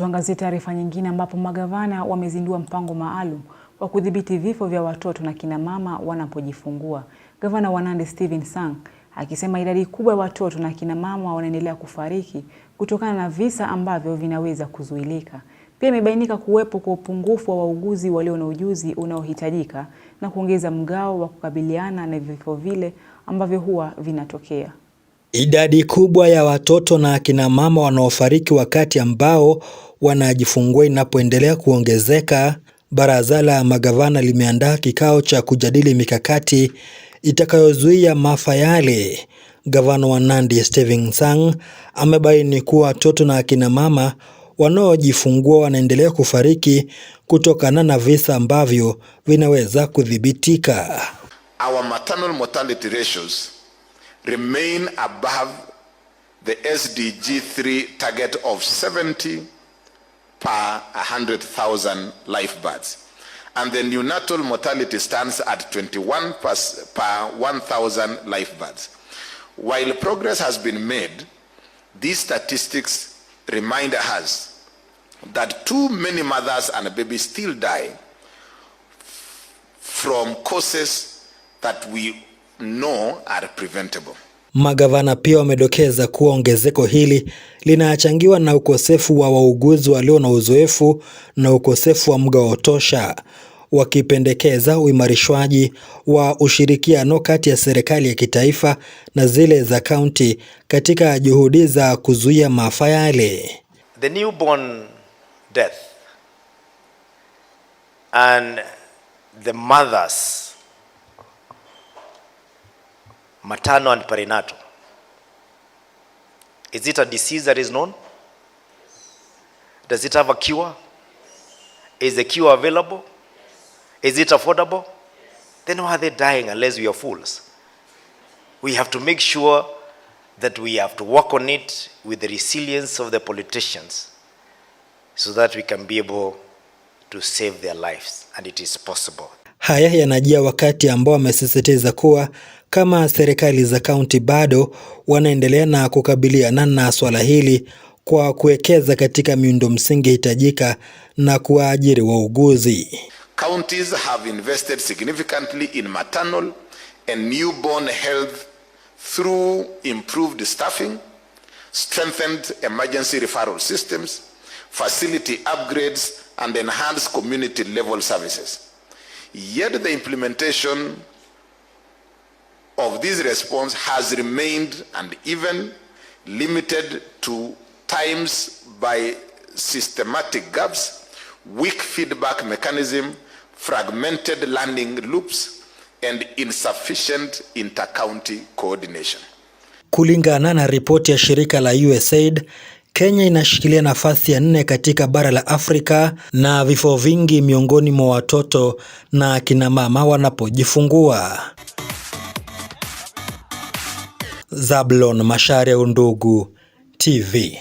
Tuangazie taarifa nyingine ambapo magavana wamezindua mpango maalum wa kudhibiti vifo vya watoto na kina mama wanapojifungua. Gavana wa Nandi Stephen Sang akisema idadi kubwa ya watoto na kina mama wanaendelea kufariki kutokana na visa ambavyo vinaweza kuzuilika. Pia imebainika kuwepo kwa upungufu wa wauguzi walio na ujuzi unaohitajika na kuongeza mgao wa kukabiliana na vifo vile ambavyo huwa vinatokea. Idadi kubwa ya watoto na akina mama wanaofariki wakati ambao wanajifungua inapoendelea kuongezeka, baraza la magavana limeandaa kikao cha kujadili mikakati itakayozuia maafa yale. Gavana wa Nandi Steven Sang amebaini kuwa watoto na akina mama wanaojifungua wanaendelea kufariki kutokana na visa ambavyo vinaweza kudhibitika. Our maternal mortality ratios remain above the SDG 3 target of 70 per 100,000 live births. And the neonatal mortality stands at 21 per, per 1,000 live births. While progress has been made, these statistics remind us that too many mothers and babies still die from causes that we know are preventable. Magavana pia wamedokeza kuwa ongezeko hili linachangiwa na ukosefu wa wauguzi walio na uzoefu na ukosefu wa mgao tosha, wakipendekeza uimarishwaji wa ushirikiano kati ya serikali ya kitaifa na zile za kaunti katika juhudi za kuzuia maafa yale. The newborn death and the mothers maternal and perinatal. Is it a disease that is known? Does it have a cure? Is the cure available? Is it affordable? Then why are they dying unless we are fools? We have to make sure that we have to work on it with the resilience of the politicians so that we can be able to save their lives, and it is possible. Haya yanajia wakati ambao wamesisitiza kuwa kama serikali za kaunti bado wanaendelea na kukabiliana na swala hili kwa kuwekeza katika miundo msingi hitajika na kuwaajiri wauguzi. Counties have invested significantly in maternal and newborn health through improved staffing, strengthened emergency referral systems, facility upgrades and enhanced community level services. Yet the implementation of this response has remained and even limited to times by systematic gaps, weak feedback mechanism, fragmented learning loops, and insufficient inter-county coordination. Kulingana na ripoti ya shirika la USAID Kenya inashikilia nafasi ya nne katika bara la Afrika na vifo vingi miongoni mwa watoto na kina mama wanapojifungua. Zablon Macharia, Undugu TV.